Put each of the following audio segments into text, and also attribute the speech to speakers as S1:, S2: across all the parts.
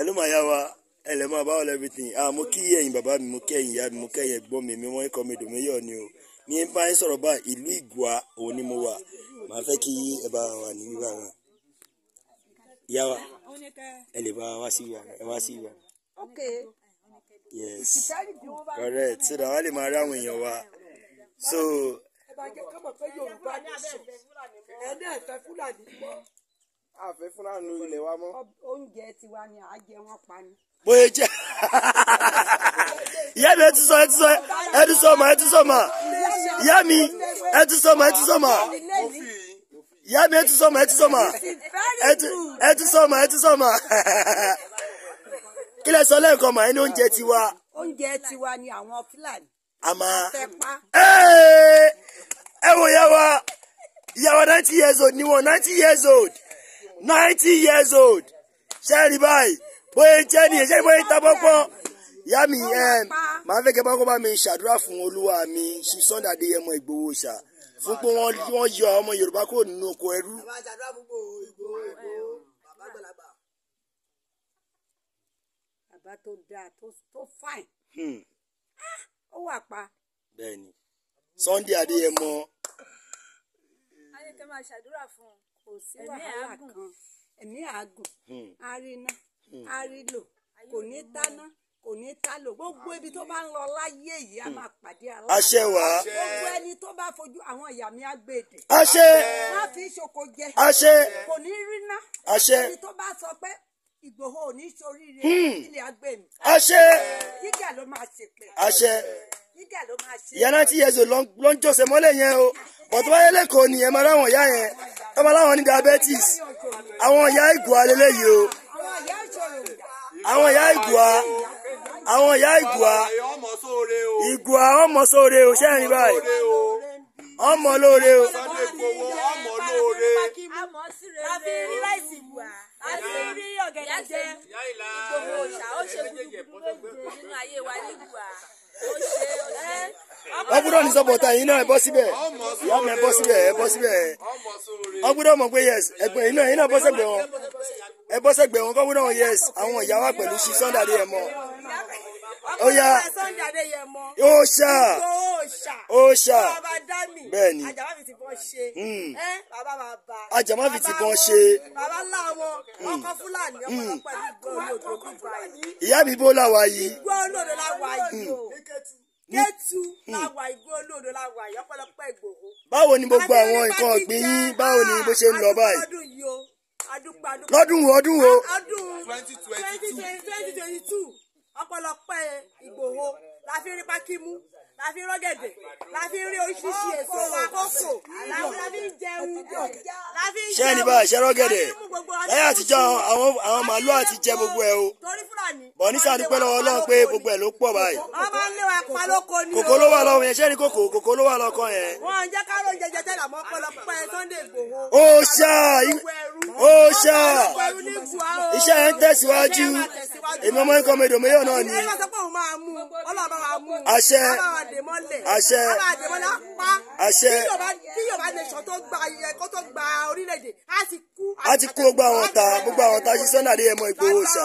S1: ẹnu máa yá wa ẹlẹ máa bá wọlé everything ah mo kí ẹ̀yin bàbá mi mo kí ẹ̀yin ìyá mi mo kí ẹ̀yin ẹ̀gbọ́n mi mi wọn kọ mi dòmí yọ ni o ní bá ń sọ̀rọ̀ bá ìlú ìgbòà òun mo wà màá fẹ́ kí ẹ bá wà ní bíbá wa ìyá wa ẹ lè bá wa sí wa ẹ wá sí wa. okay yes correct so that wàá lè máa rí àwọn èèyàn wa so. ẹ bá jẹ́ kọ́mọ̀ pé Yorùbá ní sùn ẹ náà fẹ́ Fúlàní pọ̀ fẹ́ fúlàní ilẹ̀ wa mọ́. oúnjẹ tiwa ni à jẹ wọ́n pa ni. bóyá jẹ ìyá ẹ ti sọ ẹ ti sọ ẹ ti sọ mà ẹ ti sọ mà ìyá ẹ ti sọ mà ẹ ti sọ mà ìyá ẹ ti sọ mà ẹ ti sọ mà ẹ ti sọ mà ẹ ti sọ mà kí sọ lẹ́ǹkan mà ẹ ní oúnjẹ tiwa. oúnjẹ tiwa ni àwọn fúlàní. àmà ẹ wò yẹ wa ìyàwó ninety years old ni wọn ninety years old ninety years old ṣe rí báyìí bóyá jẹ́ nìyẹn ṣe bóyá ta pọ́pọ́ ìyá mi màá fẹ́ kẹ́ bá kó bá mi ṣàdúrà fún olúwa mi ṣí Sunday Adéyẹmọ Ìgbòho ṣá fún pé wọ́n yọ ọmọ Yorùbá kò nínú oko ẹrú. bàbá tó dáa tó fine. Hmm. Ah, ó wà pa. bẹ́ẹ̀ni Sunday Adéyẹmọ. ayé kẹ́ máa ṣàdúrà fún un kò sí wàhálà kan ẹ̀mí àágùn àrínà hmm. àrílò hmm. kò ní dáná kò ní ta lò gbogbo ibi tó bá ń lọ láyé yìí a hmm. máa
S2: pàdé aláwọ àṣẹ wá gbogbo
S1: ẹni tó bá fojú àwọn ìyá mi àgbèdè àṣẹ má fi ṣoko jẹ àṣẹ kò ní rí ná àṣẹ ẹni tó bá sọ pé Ìgbòho ò ní ṣoríire ilé agbèmí àṣẹ yíga ló máa ṣèpè àṣẹ yíga ló máa ṣe. ìyá náà ti yẹ zò lọ́njọ́sẹ̀ mọ́lẹ̀ yẹn o bọ̀dọ̀ wáyé lẹ́kọ̀ọ́ nìyẹn máa ráwọn ìyá yẹn tọ́ba láwọn ní diabetes àwọn ìyá ìgùà lélẹ́yìí o àwọn ìyá ìgùà àwọn ìyá ìgùà ìgùà ọmọ sóore o sẹ́yìn báyìí ọmọ lóore o ọ̀gẹ̀dẹ̀ jẹ ìgbòho ọgbọ́dọ̀ ní sọ́pọ̀tà yìí náà ẹ bọ́ síbẹ̀ ìyá mi ẹ bọ́ síbẹ̀ ẹ bọ́ síbẹ̀ ọgbọ́dọ̀ mọ̀ pé yes ẹgbẹ́ yìí náà yìí náà bọ́ sẹ́gbẹ̀ wọn ẹ bọ́ sẹ́gbẹ̀ wọn kọ́gbọ́dọ̀ wọn yes àwọn ìyá wa pẹ̀lú sí Sunday Adéyẹmọ ó yá ó ṣá ó ṣá bẹ́ẹ̀ ni ajama fi ti bọ́n ṣe hmm. hmm. hmm. ìyá mi bó làwà Kétu hmm. làwà ìgbó olóòdó làwà yìí Ìgbòho. Báwo ni gbogbo àwọn nǹkan ọ̀gbìn yín báwo ni bó ṣe ń lọ báyìí? Lọ́dún wo ọdún wo? Ọdún twenty twenty two ọ̀pọ̀lọpọ̀ Ìgbòho la fi rí pákí mú la fi rọ́gẹ̀dẹ̀ la fi rí oríṣiríṣi èso àkókò la fi jẹun la fi jẹun ṣé ẹni bá ṣe rọ́gẹ̀dẹ̀ láyé àtijọ́ àwọn àwọn màálù àti jẹ gbogbo ẹ o bọ̀ nísà dúpẹ́ lọ́wọ́ Ọlọ́run pé gbogbo ẹ̀ ló pọ̀ báyìí. ọmọ ń lé wa pa lóko ni o. kòkó ló wà lọ́wọ́ yẹn ṣé ni kòkó kòkó ló wà lọ́kọ yẹn. wọn jẹ́ káró jẹjẹ tẹ́lẹ̀ mọ́ pẹ́ lọ pẹ́ Sunday Igboho. ó ṣá ó ṣá iṣẹ́ yẹn ń tẹ̀síwájú èmi ọmọ ikọ̀ mẹ́dọ̀mẹ́yọ̀ náà ni. ẹ àṣẹ àṣẹ kí Yorùbá nation tó gba ẹ̀kọ́ tó gba orílẹ̀-èdè á ti kú. á ti kú gbogbo àwọn ọ̀tá gbogbo àwọn ọ̀tá ṣiṣẹ́ náà dé ẹ̀mọ́ Ìgbòho ṣá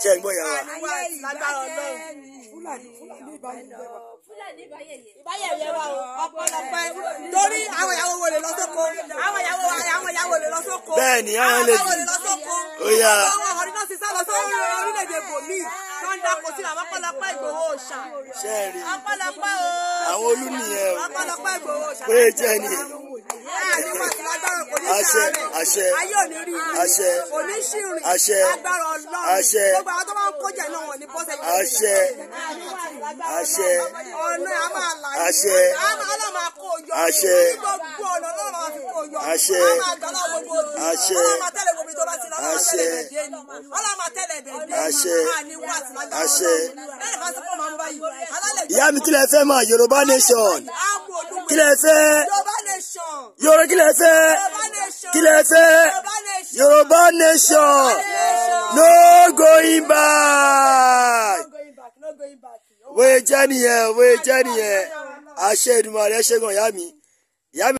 S1: ṣe ń gbọ́ yàrá. Fúlàní ìbáyẹ̀yẹ wa o, ọ̀pọ̀lọpọ̀ torí àwọn ìyàwó wo lè lọ sóko, àwọn ìyàwó àwọn ìyàwó lè lọ sóko, bẹ́ẹ̀ ni àwọn lè lọ sóko, ọ̀pọ̀ àwọn ọ̀rìn náà ti sá lọ sóko orílẹ̀-èdè bòmíì la kò sí àwọn ọpọlọpọ Ìgbòho Òòṣà ọpọlọpọ o àwọn olùnìyẹn o ọpọlọpọ Ìgbòho Òòṣà pé jẹ ni àṣẹ àṣẹ àṣẹ àṣẹ àṣẹ àṣẹ àṣẹ àṣẹ àṣẹ
S2: àṣẹ àṣẹ
S1: àṣẹ àṣẹ àṣẹ. ìyá mi kílẹ̀ fẹ́ mọ̀ yorùbá nation kílẹ̀ fẹ́ yorùbá kílẹ̀ fẹ́ kílẹ̀ fẹ́ yorùbá nation no going back wọ́n yẹ jẹ́ nìyẹn wọ́n yẹ jẹ́ nìyẹn àṣẹ Èdùmàrè ṣẹ́gun ìyá mi.